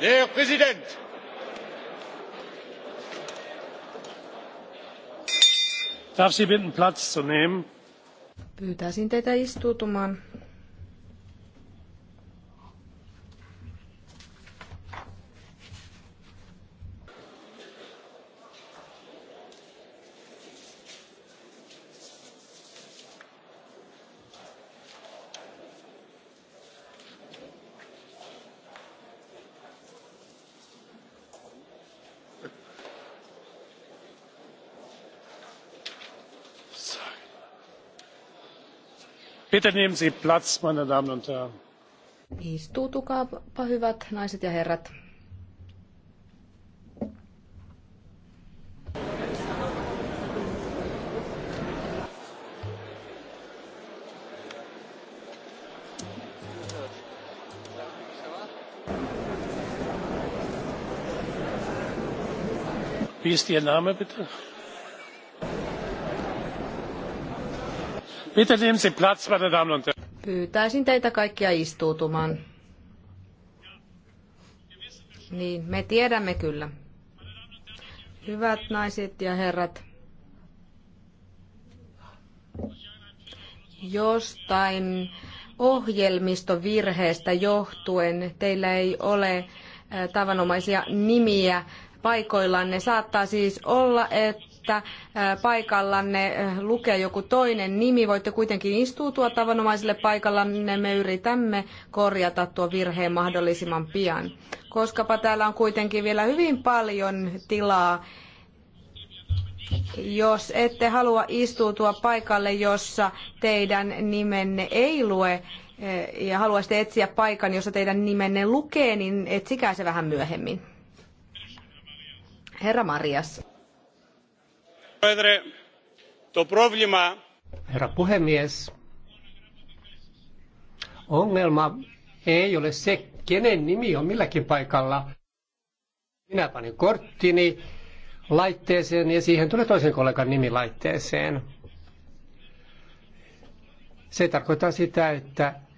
herr präsident! ich darf sie bitten platz zu nehmen? Bitte nehmen Sie Platz, meine Damen und Herren. Istuutukaapa hyvät naiset ja herrat. Wie ist Ihr Name bitte? Pyytäisin teitä kaikkia istuutumaan. Niin, me tiedämme kyllä. Hyvät naiset ja herrat, jostain ohjelmistovirheestä johtuen teillä ei ole äh, tavanomaisia nimiä paikoillanne. Saattaa siis olla, että että paikallanne lukee joku toinen nimi. Voitte kuitenkin istuutua tavanomaiselle paikallanne. Me yritämme korjata tuo virheen mahdollisimman pian. Koskapa täällä on kuitenkin vielä hyvin paljon tilaa jos ette halua istuutua paikalle, jossa teidän nimenne ei lue ja haluaisitte etsiä paikan, jossa teidän nimenne lukee, niin etsikää se vähän myöhemmin. Herra Marias. Herra puhemies, ongelma ei ole se, kenen nimi on milläkin paikalla. Minä panin korttini laitteeseen ja siihen tulee toisen kollegan nimi laitteeseen. Se tarkoittaa sitä, että